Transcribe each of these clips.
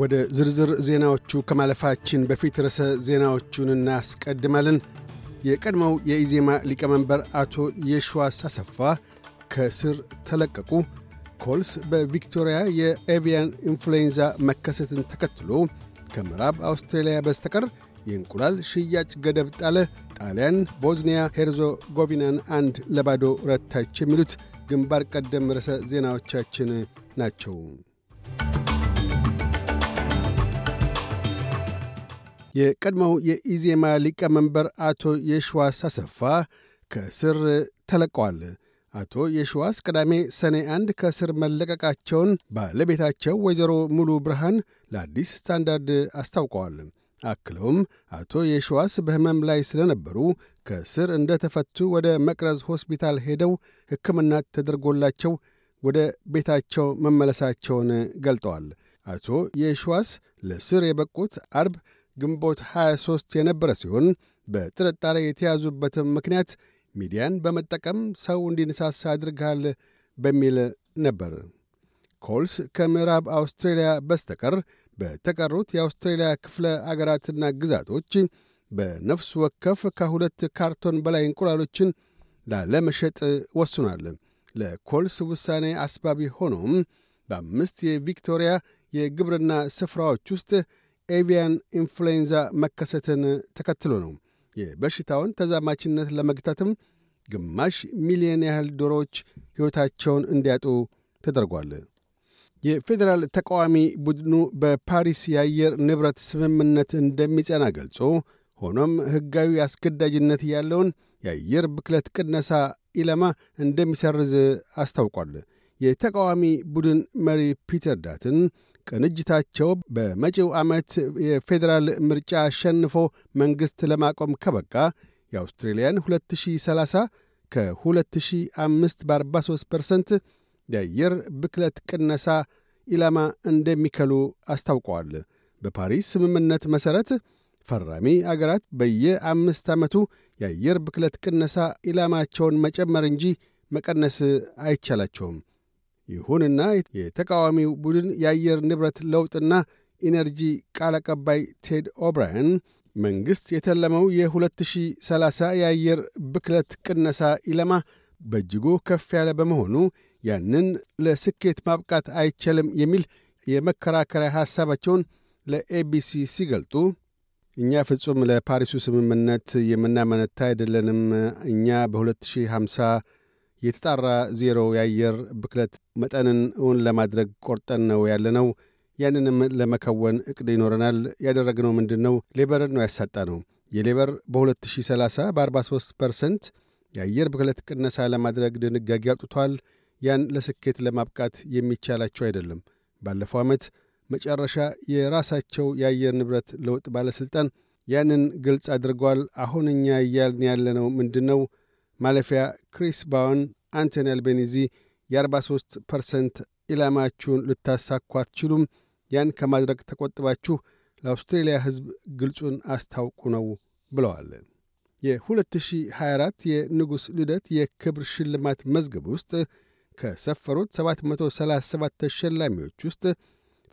ወደ ዝርዝር ዜናዎቹ ከማለፋችን በፊት ርዕሰ ዜናዎቹን እናስቀድማለን። የቀድሞው የኢዜማ ሊቀመንበር አቶ የሽዋስ አሰፋ ከስር ተለቀቁ። ኮልስ በቪክቶሪያ የኤቪያን ኢንፍሉዌንዛ መከሰትን ተከትሎ ከምዕራብ አውስትራሊያ በስተቀር የእንቁላል ሽያጭ ገደብ ጣለ። ጣሊያን ቦዝኒያ ሄርዞጎቪናን አንድ ለባዶ ረታች። የሚሉት ግንባር ቀደም ርዕሰ ዜናዎቻችን ናቸው። የቀድሞው የኢዜማ ሊቀመንበር አቶ የሽዋስ አሰፋ ከእስር ተለቀዋል። አቶ የሽዋስ ቅዳሜ ሰኔ አንድ ከእስር መለቀቃቸውን ባለቤታቸው ወይዘሮ ሙሉ ብርሃን ለአዲስ ስታንዳርድ አስታውቀዋል። አክለውም አቶ የሽዋስ በሕመም ላይ ስለነበሩ ከእስር እንደ ተፈቱ ወደ መቅረዝ ሆስፒታል ሄደው ሕክምና ተደርጎላቸው ወደ ቤታቸው መመለሳቸውን ገልጠዋል። አቶ የሽዋስ ለእስር የበቁት አርብ ግንቦት 23 የነበረ ሲሆን በጥርጣሬ የተያዙበትም ምክንያት ሚዲያን በመጠቀም ሰው እንዲነሳሳ አድርገሃል በሚል ነበር። ኮልስ ከምዕራብ አውስትሬልያ በስተቀር በተቀሩት የአውስትሬልያ ክፍለ አገራትና ግዛቶች በነፍስ ወከፍ ከሁለት ካርቶን በላይ እንቁላሎችን ላለመሸጥ ወስኗል። ለኮልስ ውሳኔ አስባቢ ሆኖም በአምስት የቪክቶሪያ የግብርና ስፍራዎች ውስጥ ኤቪያን ኢንፍሉዌንዛ መከሰትን ተከትሎ ነው። የበሽታውን ተዛማችነት ለመግታትም ግማሽ ሚሊዮን ያህል ዶሮዎች ሕይወታቸውን እንዲያጡ ተደርጓል። የፌዴራል ተቃዋሚ ቡድኑ በፓሪስ የአየር ንብረት ስምምነት እንደሚጸና ገልጾ ሆኖም ሕጋዊ አስገዳጅነት ያለውን የአየር ብክለት ቅነሳ ኢላማ እንደሚሰርዝ አስታውቋል። የተቃዋሚ ቡድን መሪ ፒተር ዳትን ቅንጅታቸው በመጪው ዓመት የፌዴራል ምርጫ አሸንፎ መንግሥት ለማቆም ከበቃ የአውስትሬልያን 2030 ከ2005 በ43 ፐርሰንት የአየር ብክለት ቅነሳ ኢላማ እንደሚከሉ አስታውቀዋል። በፓሪስ ስምምነት መሠረት ፈራሚ አገራት በየአምስት ዓመቱ የአየር ብክለት ቅነሳ ኢላማቸውን መጨመር እንጂ መቀነስ አይቻላቸውም። ይሁንና የተቃዋሚው ቡድን የአየር ንብረት ለውጥና ኢነርጂ ቃል አቀባይ ቴድ ኦብራያን መንግሥት የተለመው የ2030 የአየር ብክለት ቅነሳ ኢለማ በእጅጉ ከፍ ያለ በመሆኑ ያንን ለስኬት ማብቃት አይቸልም የሚል የመከራከሪያ ሐሳባቸውን ለኤቢሲ ሲገልጡ እኛ ፍጹም ለፓሪሱ ስምምነት የምናመነታ አይደለንም። እኛ በ2050 የተጣራ ዜሮ የአየር ብክለት መጠንን እውን ለማድረግ ቆርጠን ነው ያለነው። ያንንም ለመከወን እቅድ ይኖረናል። ያደረግነው ምንድን ነው? ሌበርን ነው ያሳጣ ነው። የሌበር በ2030 በ43 ፐርሰንት የአየር ብክለት ቅነሳ ለማድረግ ድንጋጌ አውጥቷል። ያን ለስኬት ለማብቃት የሚቻላቸው አይደለም። ባለፈው ዓመት መጨረሻ የራሳቸው የአየር ንብረት ለውጥ ባለሥልጣን ያንን ግልጽ አድርጓል። አሁን እኛ እያልን ያለነው ምንድን ነው? ማለፊያ ክሪስ ባውን፣ አንቶኒ አልቤኒዚ የ43 ፐርሰንት ኢላማችሁን ልታሳኩ አትችሉም፣ ያን ከማድረግ ተቆጥባችሁ ለአውስትሬልያ ሕዝብ ግልጹን አስታውቁ ነው ብለዋል። የ2024 የንጉሥ ልደት የክብር ሽልማት መዝገብ ውስጥ ከሰፈሩት 737 ተሸላሚዎች ውስጥ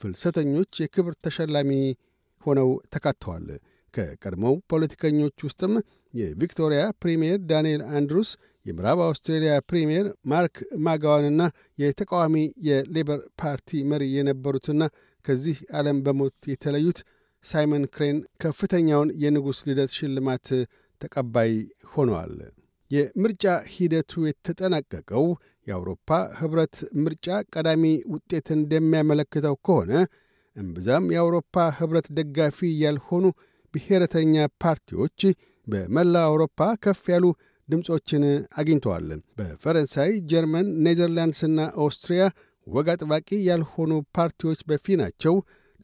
ፍልሰተኞች የክብር ተሸላሚ ሆነው ተካተዋል። ከቀድሞው ፖለቲከኞች ውስጥም የቪክቶሪያ ፕሪምየር ዳንኤል አንድሩስ የምዕራብ አውስትሬልያ ፕሪምየር ማርክ ማጋዋንና የተቃዋሚ የሌበር ፓርቲ መሪ የነበሩትና ከዚህ ዓለም በሞት የተለዩት ሳይመን ክሬን ከፍተኛውን የንጉሥ ልደት ሽልማት ተቀባይ ሆነዋል። የምርጫ ሂደቱ የተጠናቀቀው የአውሮፓ ኅብረት ምርጫ ቀዳሚ ውጤት እንደሚያመለክተው ከሆነ እምብዛም የአውሮፓ ኅብረት ደጋፊ ያልሆኑ ብሔረተኛ ፓርቲዎች በመላ አውሮፓ ከፍ ያሉ ድምፆችን አግኝተዋል። በፈረንሳይ፣ ጀርመን፣ ኔዘርላንድስና ኦስትሪያ ወግ አጥባቂ ያልሆኑ ፓርቲዎች በፊናቸው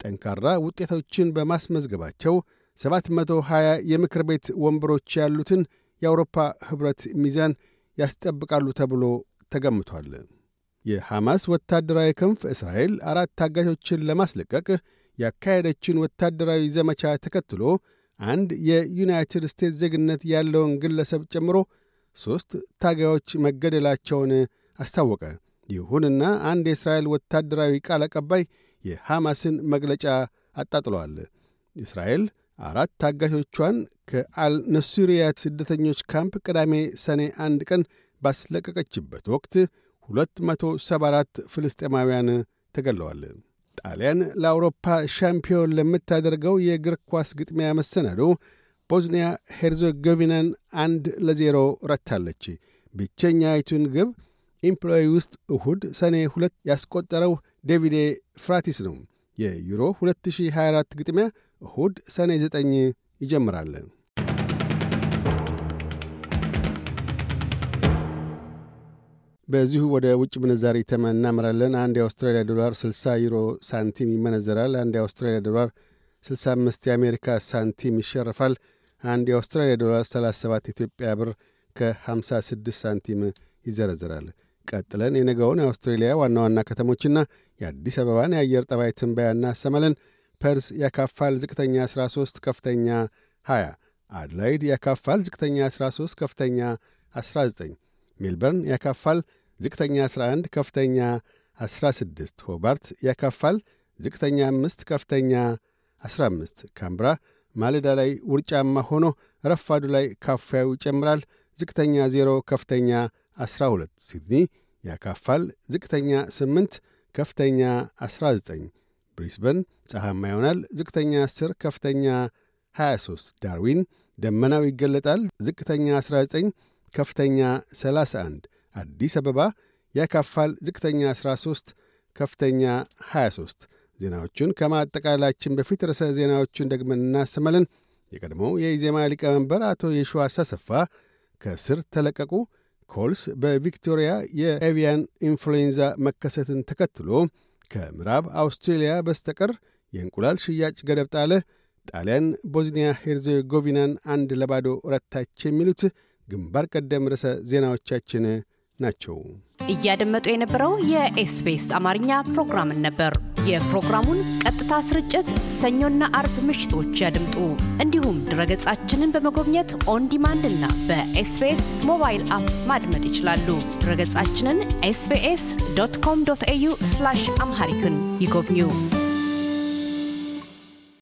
ጠንካራ ውጤቶችን በማስመዝገባቸው 720 የምክር ቤት ወንበሮች ያሉትን የአውሮፓ ኅብረት ሚዛን ያስጠብቃሉ ተብሎ ተገምቷል። የሐማስ ወታደራዊ ክንፍ እስራኤል አራት ታጋቾችን ለማስለቀቅ ያካሄደችን ወታደራዊ ዘመቻ ተከትሎ አንድ የዩናይትድ ስቴትስ ዜግነት ያለውን ግለሰብ ጨምሮ ሦስት ታጋዮች መገደላቸውን አስታወቀ። ይሁንና አንድ የእስራኤል ወታደራዊ ቃል አቀባይ የሐማስን መግለጫ አጣጥለዋል። እስራኤል አራት ታጋቾቿን ከአልነሱሪያ ስደተኞች ካምፕ ቅዳሜ ሰኔ አንድ ቀን ባስለቀቀችበት ወቅት 274 ፍልስጤማውያን ተገለዋል። ጣሊያን ለአውሮፓ ሻምፒዮን ለምታደርገው የእግር ኳስ ግጥሚያ መሰናዶ ቦዝኒያ ሄርዞጎቪናን አንድ ለዜሮ ረታለች። ብቸኛይቱን ግብ ኢምፕሎይ ውስጥ እሁድ ሰኔ ሁለት ያስቆጠረው ዴቪዴ ፍራቲስ ነው። የዩሮ 2024 ግጥሚያ እሁድ ሰኔ 9 ይጀምራል። በዚሁ ወደ ውጭ ምንዛሪ ተመን እናምራለን። አንድ የአውስትራሊያ ዶላር 60 ዩሮ ሳንቲም ይመነዘራል። አንድ የአውስትራሊያ ዶላር 65 የአሜሪካ ሳንቲም ይሸርፋል። አንድ የአውስትራሊያ ዶላር 37 ኢትዮጵያ ብር ከ56 ሳንቲም ይዘረዝራል። ቀጥለን የነገውን የአውስትሬሊያ ዋና ዋና ከተሞችና የአዲስ አበባን የአየር ጠባይ ትንበያ እናሰማለን። ፐርስ ያካፋል፣ ዝቅተኛ 13፣ ከፍተኛ 20። አድላይድ ያካፋል፣ ዝቅተኛ 13፣ ከፍተኛ 19 ሜልበርን ያካፋል፣ ዝቅተኛ 11 ከፍተኛ 16። ሆባርት ያካፋል፣ ዝቅተኛ 5 ከፍተኛ 15። ካምብራ ማለዳ ላይ ውርጫማ ሆኖ ረፋዱ ላይ ካፋዩ ይጨምራል፣ ዝቅተኛ 0 ከፍተኛ 12። ሲድኒ ያካፋል፣ ዝቅተኛ 8 ከፍተኛ 19። ብሪስበን ፀሐማ ይሆናል፣ ዝቅተኛ 10 ከፍተኛ 23። ዳርዊን ደመናው ይገለጣል፣ ዝቅተኛ 19 ከፍተኛ 31 አዲስ አበባ ያካፋል ዝቅተኛ 13 ከፍተኛ 23። ዜናዎቹን ከማጠቃላችን በፊት ርዕሰ ዜናዎቹን ደግመን እናሰማለን። የቀድሞው የኢዜማ ሊቀመንበር አቶ የሺዋስ ሳሰፋ ከእስር ተለቀቁ። ኮልስ በቪክቶሪያ የኤቪያን ኢንፍሉዌንዛ መከሰትን ተከትሎ ከምዕራብ አውስትሬልያ በስተቀር የእንቁላል ሽያጭ ገደብ ጣለ። ጣሊያን ቦዝኒያ ሄርዘጎቪናን አንድ ለባዶ ረታች። የሚሉት ግንባር ቀደም ርዕሰ ዜናዎቻችን ናቸው። እያደመጡ የነበረው የኤስቢኤስ አማርኛ ፕሮግራምን ነበር። የፕሮግራሙን ቀጥታ ስርጭት ሰኞና አርብ ምሽቶች ያድምጡ። እንዲሁም ድረገጻችንን በመጎብኘት ኦንዲማንድ እና በኤስቢኤስ ሞባይል አፕ ማድመጥ ይችላሉ። ድረገጻችንን ኤስቢኤስ ዶት ኮም ዶት ኤዩ አምሃሪክን ይጎብኙ።